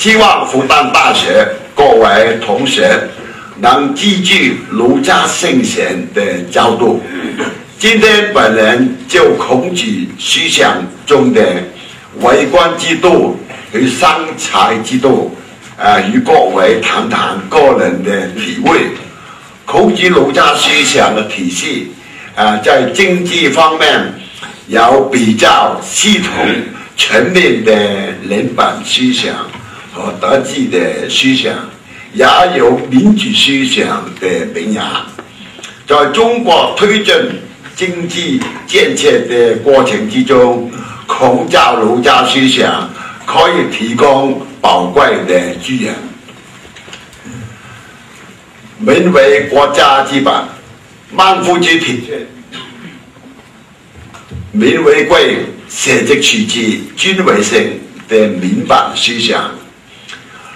希望復旦大學各位同學能記住儒家聖賢的教導。今天本人就孔子思想中的為官之道與生財之道，啊與各位談談個人的體會，孔子儒家思想的體系，啊在經濟方面有比較系統全面的人本思想。我德治的思想，也有民主思想的萌芽，在中國推進政治建設的過程之中，孔教儒家思想可以提供寶貴的資源。民為國家之本，萬夫之體，民為貴，社稷次之，君為輕的民本思想。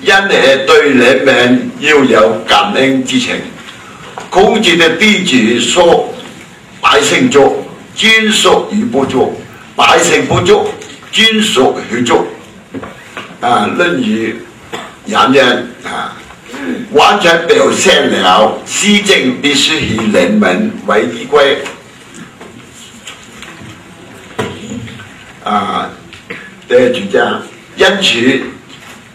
因係對人民要有感恩之情，孔子的弟子說：百姓足，君孰與不足；百姓不足，君孰與足。啊，《論語》顏淵啊、嗯，完全表現了施政必須以人民為依歸。啊，謝主席，因此。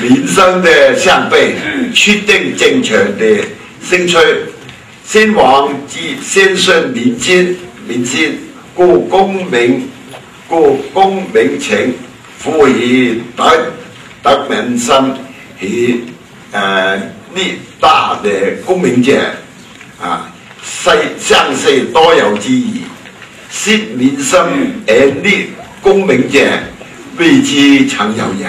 民生的向背，確、嗯、定正常的興衰，先王之先順民心，民心故功名，故功名成，富裕得得民心，而誒立大的功名者，啊世盛世多有之矣，失民心而立功名者，未知曾有也。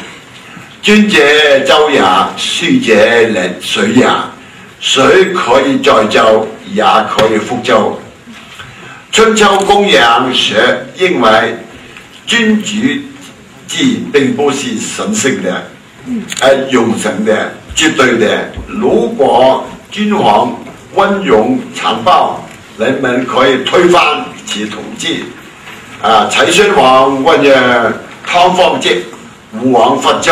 尊者舟也，庶人者水也。水可以載舟，也可以覆舟。春秋公羊學認為，君主制並不是神聖的，而永恆的絕對的。如果君王温庸殘暴，人們可以推翻其統治。啊！齊宣王問了湯放桀，武王伐紂。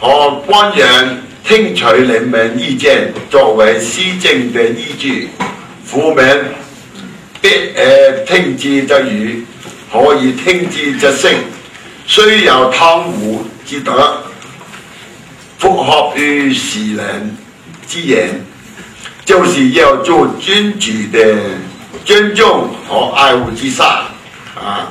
和官員聽取人民意見作為施政的依據，苦民必而聽之則語，可以聽之則聲。雖有湯武之德，復合於時人之言？就是要做君主的尊重和愛護之上啊！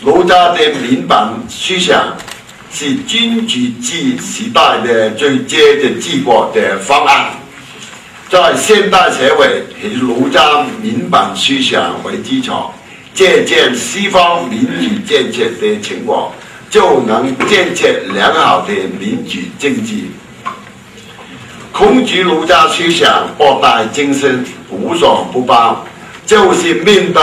儒家的民本思想是君主制時代的最佳嘅治國的方案，在現代社會以儒家民本思想為基礎，借鑒西方民主建設的成果，就能建設良好的民主政治。孔子儒家思想博大精深，無所不包，就是面對。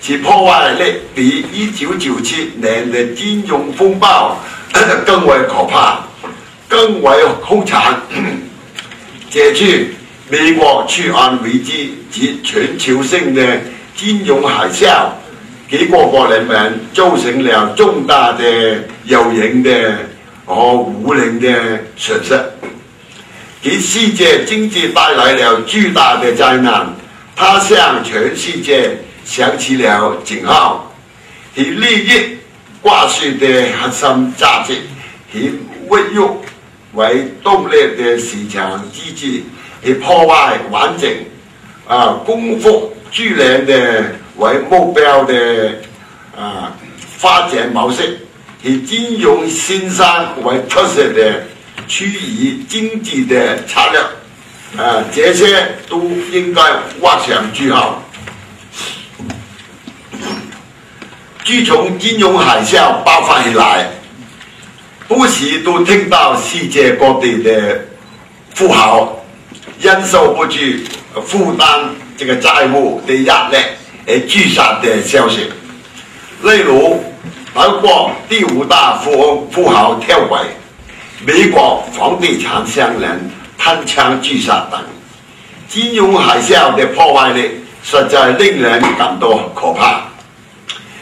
其破壞力比一九九七年的金融風暴更為可怕，更為兇殘。 這次美國次按危機及全球性的金融海嘯，給各國人民造成了重大的有形的和無形的損失，給世界經濟帶來了巨大的災難，它向全世界響起了警號，以利益掛帥的核心價值、以物欲為動力的市場機制、以破壞完整啊、呃、功夫巨人的為目標的啊、呃、發展模式、以金融新商為特色的區域經濟的策略啊，這些都應該畫上句號。自從金融海嘯爆發以來，不時都聽到世界各地的富豪忍受不住負擔這個債務的壓力而自殺的消息，例如德國第五大富翁富豪跳軌，美國房地產商人吞槍自殺等。金融海嘯的破壞力實在令人感到可怕。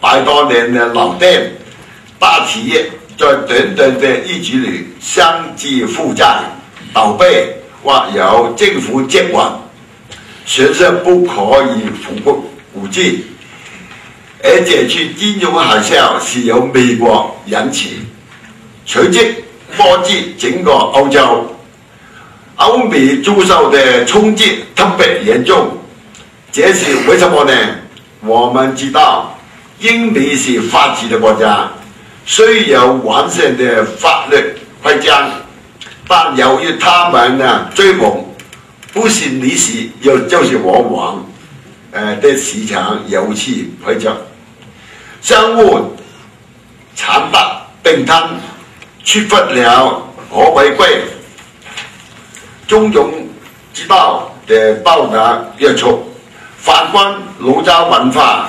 百多年的老店，大企業在短短的一季裏相繼負債倒閉，或由政府接管，損失不可以估估計。而且，這金融海嘯是由美國引起，隨即波及整個歐洲、歐美遭受的衝擊特別嚴重。這是為什麼呢？我們知道。英美是法治的國家，雖有完善的法律規章，但由於他們嘅追捧，不是理事，又就是往往誒啲、呃、市場由此規章，相互殘暴、併吞，出不了和為貴，中庸之道嘅道德約束。反觀儒家文化。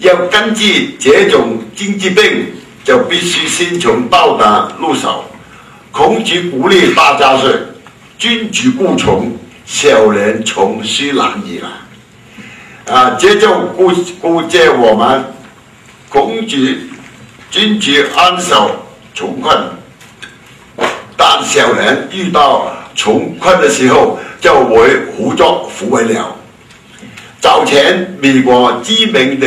要根治這種經濟病，就必須先從道德入手。孔子鼓勵大家是：君子固窮，小人窮斯難矣啊，這就告告借我們，孔子，君子安守窮困，但小人遇到窮困的時候就會胡作胡為了。早前美國知名的。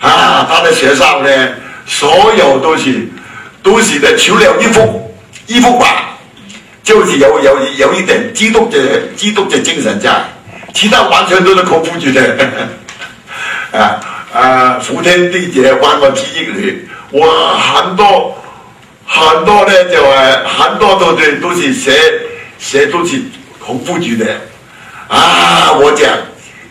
啊！他的學生呢，所有都是，都是的除了衣服，衣服吧，就是有有有一點激動嘅激動嘅精神啫，其他完全都是孔夫子的啊啊，苦、啊、天地劫，萬個記憶裏，哇，很多很多呢，就係、是、很多都都都是寫寫，都是好孔夫子嘅。啊，我講。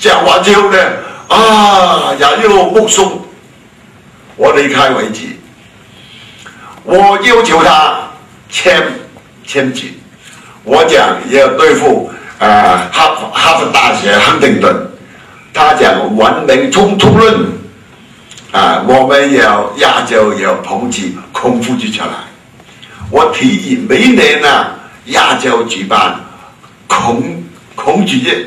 講完之後呢，啊呀也目送。我離開為止，我要求他簽簽字，我講要對付啊，哈佛哈佛大學亨廷頓，他講文明衝突論啊，我們有亞洲有孔子孔夫子出來，我提議每年呢，亞洲舉辦孔孔子節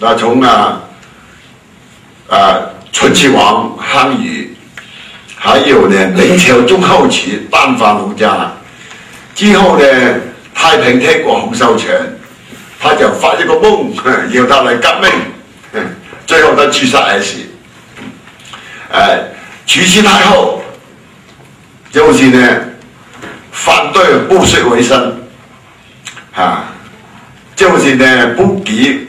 那從啊，啊，秦始皇、項羽，還有呢，明朝中後期，頒發儒家，之後呢，太平天國洪秀全，他就發一個夢，由他嚟革命，最後他自殺而死。誒、啊，慈禧太后，就是呢，反對不施為生，啊，就是呢，不給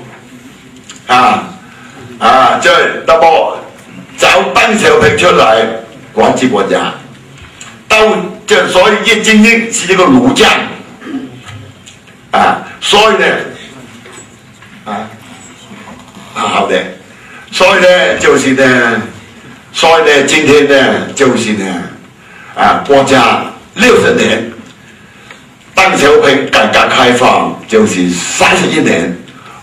啊！啊，這，係，不找鄧小平出來管治國家，都這，所以而今日是一個儒將啊！所以呢，啊，好的，所以呢，就是呢，所以呢，今天呢，就是呢，啊，國家六十年，鄧小平改革開放就是三十一年。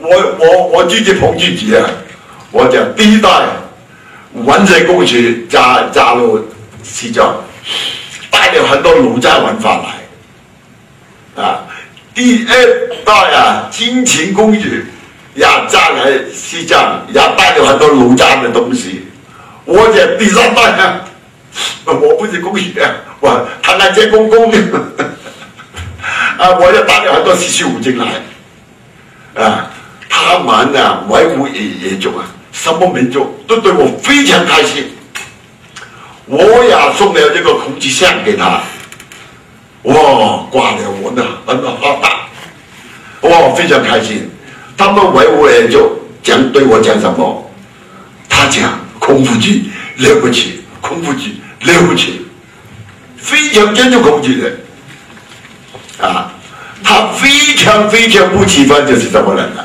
我我我自己捧自己啊！我就第一代文成公主嫁嫁到西藏，帶嚟很多儒家文化嚟。啊，第二代啊，金城公主也嫁嚟西藏，也帶嚟很多儒家嘅東西。我就第三代啊，我不是公主啊，我係湯家公公啊，我也帶嚟很多四書五經嚟。啊！他們的、啊，維吾爾族啊什麼民族都對我非常開心。我也送了這個孔子像給他，哇，掛了我的很好很好。哇，我非常開心。他們維吾爾族講，對我講什麼？他講孔夫子了不起，孔夫子了不起，非常尊重孔子的。啊，他非常非常不喜歡，這是什麼人呢？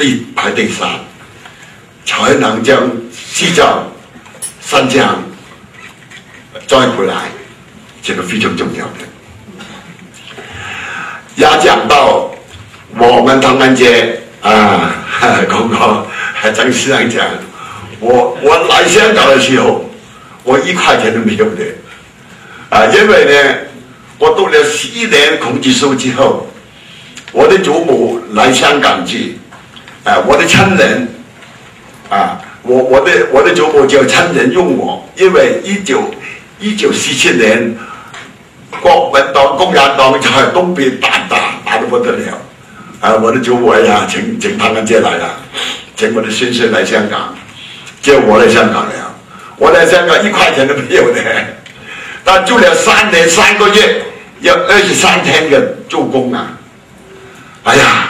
所排第三才能將西藏三江再回來，這個非常重要的。也講到我們唐人街啊，剛剛還真是這樣講，我我來香港的時候，我一塊錢都沒有的啊，因為呢，我讀了十一年孔子書之後，我的祖母來香港去啊！我的親人，啊，我我的我的祖母叫親人用我，因為一九一九四七年國民黨共產黨在東北打打打得不得了，啊，我的祖母呀，請請他們借來了，請我的先生來香港，就我來香港了，我來香港一塊錢都沒有的，但住了三年三個月，有二十三天的做工啊，哎呀！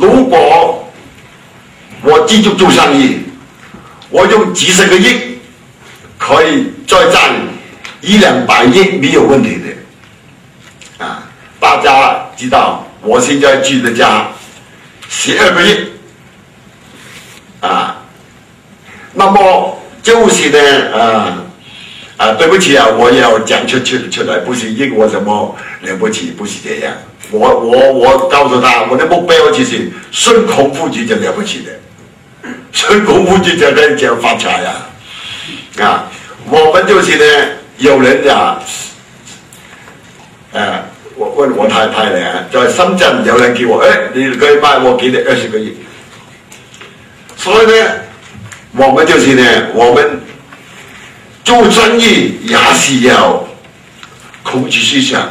如果我繼續做生意，我用幾十個億可以再賺一兩百億沒有問題的。啊，大家知道我現在住的家十二個億。啊，那麼就是呢，啊啊，對不起啊，我要講出出出來，不是因為我什麼了不起，不是這樣。我我我告訴他，我的目標就是孫孔夫子就了不起的，孫孔夫子就可以講發財呀、啊！啊，我們就是咧，有人呀、啊，誒、啊，我問我，我太太咧，在、啊就是、深圳有人叫我，誒、欸，你可以賣，我給你二十個億。所以呢，我們就是呢，我們做生意也是要孔子思想。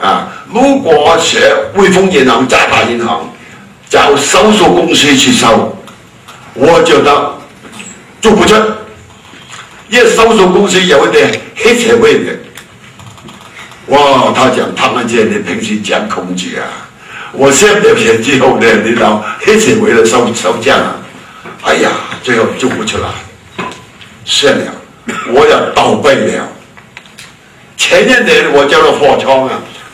啊！如果寫匯豐銀行、渣打銀行，找搜索公司去收，我就得做不出，因為搜索公司有一啲黑社會嘅，哇！他講，他們陣你平時講空姐啊，我先咗錢之後咧，你當黑社會嚟收收賬啊，哎呀，最後做不出啦，蝕了，我要倒閉了。前一年我叫做貨倉啊。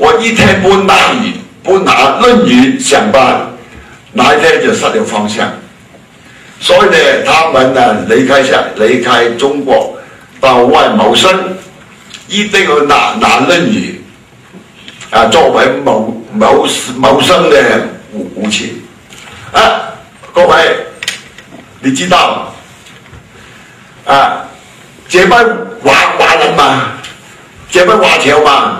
我一天不打魚，不拿論語上班，那一天就失了方向。所以咧，他們啊離開家，離開中國到外謀生，一定要拿拿論語啊作為謀謀謀生嘅武器。啊，各位，你知道啊？這班華華人嘛，這班華僑嘛。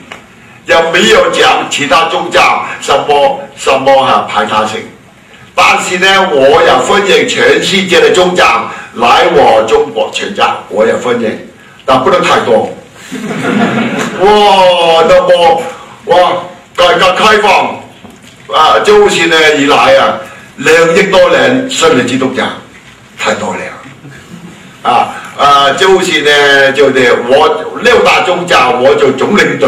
又沒有講其他宗教什麼什麼、啊、排他性，但是呢，我又歡迎全世界的宗教來和中國參加，我又歡迎，但不能太多 哇，那麼哇，改革開放啊，周期呢，以來啊，兩億多人順利基督教太多了啊，啊，周期呢就得我六大宗教，我就總領隊。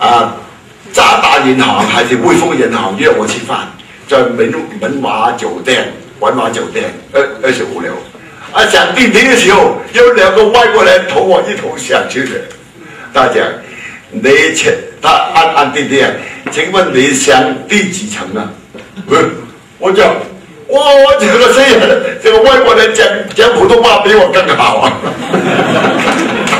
啊！渣打銀行還是匯豐銀行約我食飯，在文文華酒店、文華酒店，誒誒食好了。啊，上電梯嘅時候有兩個外國人同我一同上去的大家，你請他按按電梯。請問你上第幾層啊？我、嗯、講，我就我覺得西，這個外國人講講普通話比我更好啊。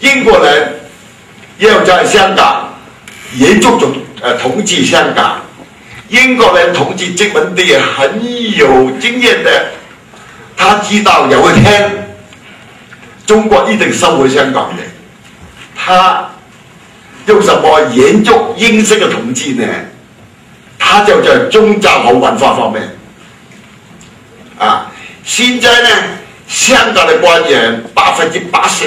英國人要在香港延續統誒治香港，英國人統治殖民地很有經驗的，他知道有一天中國一定收回香港嘅，他用什麼延續英式嘅統治呢？他就在宗教和文化方面，啊，現在呢香港嘅官員百分之八十。